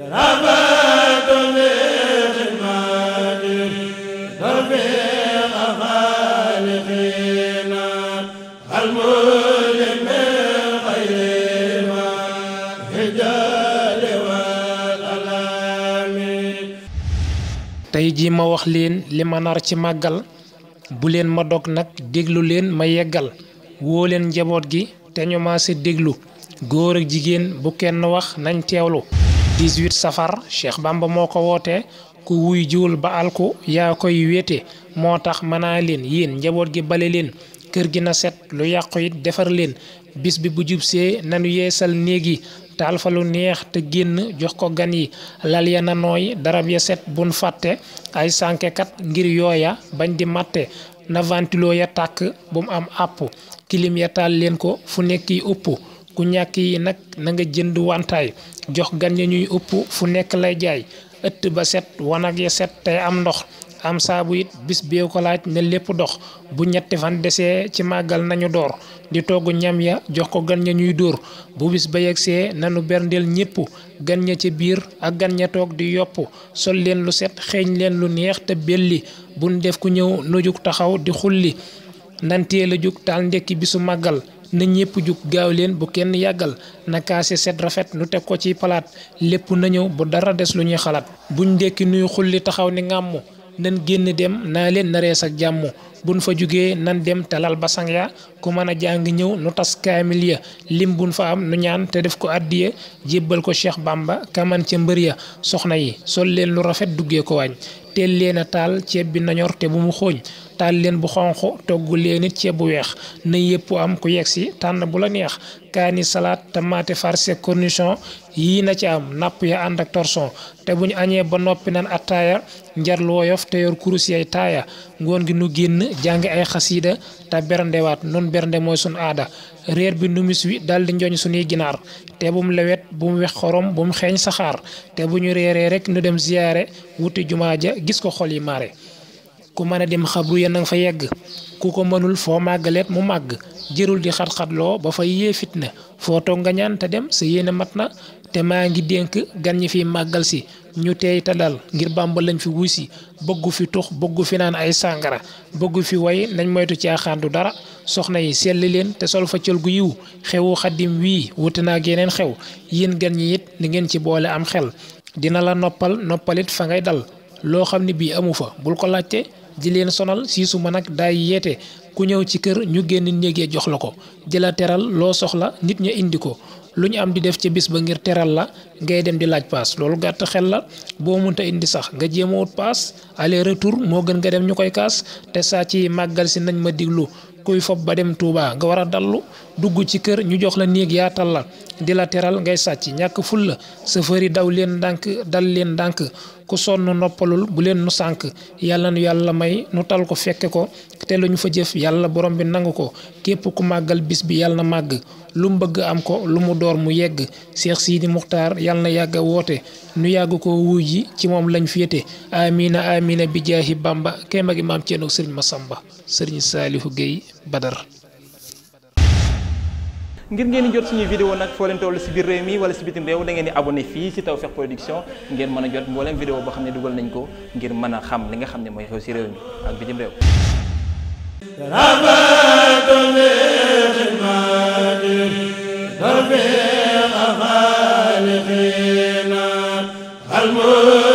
tey ji ma wax leen li ma nar ci màggal bu leen ma dog nag déglu leen ma yeggal woo leen njaboot gi te ñu ma si déglu góor ak jigéen bu kenn wax nañ teewlu 18 safar Cheikh Bamba moo ko wootee ku wuy jiwul ba alku yaa koy wéete moo tax mënaa leen yéen njaboot gi bale leen kër gi na set lu yàqu it defar leen bis bi bu jub see nanu yeesal néegi taal fa lu neex te génn jox ko gan yi lal ya na darab ya set bun fàtte ay sànkekat ngir yooya bañ di màtte na ventilo ya tàkk bu am àpp kilim ya taal leen ko fu nekk yi ëpp ku ñàkk yi nag na nga jënd wantaay jox gan ya ñuy ëpp fu nekk lay jaay ëtt ba set wanag ya set tey am ndox am saabu it bis bee ko laaj ne lépp dox bu ñetti fan desee ci màggal nañu door di togg ñam ya jox ko gan ña ñuy dóor bu bis ba yegsee nanu berndeel ñépp gan ña ci biir ak gan ña toog di yopp sol leen lu set xeeñ leen lu neex te belli bu def ku ñëw nu jug taxaw di xulli nantee la jug taal ndekki bisu màggal na ñëpp jug gaaw leen bu kenn yàggal na kaasi set rafet nu teg ko ci palaat lépp na ñëw bu dara des lu ñuy xalaat bu buñ ndekki nuy xulli taxaw ni ngàmmu nan génn dem naa leen na ak jàmm bu buñ fa jugee nan dem te lal basang ya ku mën a jàng ñëw nu tas kaamil ya lim buñ fa am nu ñaan te def ko àddiya jébbal ko Cheikh Bamba kaman ca mbër ya soxna yi sol leen lu rafet duggee ko waañ teel leen a taal ceeb bi nañor te bu mu xooñ taal leen bu xonq togg leen it ceeb bu weex na yëpp am ku yegg si tànn bu la neex kaani salaat tamaate farce cornichon yii na ci am napp ya ànd ak torson te bu ñu añee ba noppi nan attaaya njar lu te yor kurus yay taaya ngoon gi nu génn jàngi ay xasiida te berndewaat nun bernde mooy sun aada réer bi numis wi dal di njoñ suñuy ginaar te bu mu lewet bu mu wex xorom bu mu xeeñ saxaar te bu ñu réeree rek nu dem ziyaare wuti jumaa ja gis ko xol maare ku mën a dem xabru ya na nga fa yegg ku ko mënul foo màggaleet mu màgg jërul di xat-xatloo ba fa yee fitna foo toog nga ñaan te dem sa yéene mat na te maa ngi dénk gan ñi fi màggal si ñu teey te dal ngir Bàmba lañ fi wuy si bëggu fi tux bëggu fi naan ay sàngara bëggu fi woy nañ moytu caaxaan du dara soxna yi selli leen te sol fa cël gu yiw xewu xaddim wii wuti naa yeneen xew yéen gan ñi it ni ngeen ci boole am xel dina la noppal noppalit fa ngay dal di leen sonal siisu ma nag daay yeete ku ñëw ci kër ñu génn néegee jox la ko di la teral loo soxla nit ña indi ko lu ñu am di def ca bis ba ngir teral la ngay dem di laaj paas loolu gàtt xel la boo mënta indi sax nga jéemawut paas aller retour moo gën nga dem ñu koy kaas te saa ci màggal si nañ ma diglu kuy fob ba dem Touba nga war a dallu dugg ci kër ñu jox la néeg yaatal la di la teral ngay sàcc ñàkk ful la sëfër yi daw leen ndànk dal leen ndànk ku sonn noppalul bu leen nu sànk yàlla nu yàlla may nu tal ko fekke ko te lañu fa jëf yàlla borom bi nangu ko képp ku màggal bis bi yàlla na màgg lu mu bëgg am ko lu mu door mu yegg Cheikh Sidi Muxtaar yàlla na yàgg a woote nu yàgg ko wuy ji ci moom lañ féete amina amina bi jaahi bamba kay magi maam Ceerno sëriñ Masamba sëriñ Saalihu Géey Badar ngir ngeen di jot suñuy vidéo nag foo leen si biir réew mi wala si bitim réew da ngeen di abonné fii si Tawfekh Production ngeen mën a jot mbooleem vidéo boo xam ne dugal nañ ko ngir mën a xam li nga xam ne mooy xew si réew mi ak bitim réew alma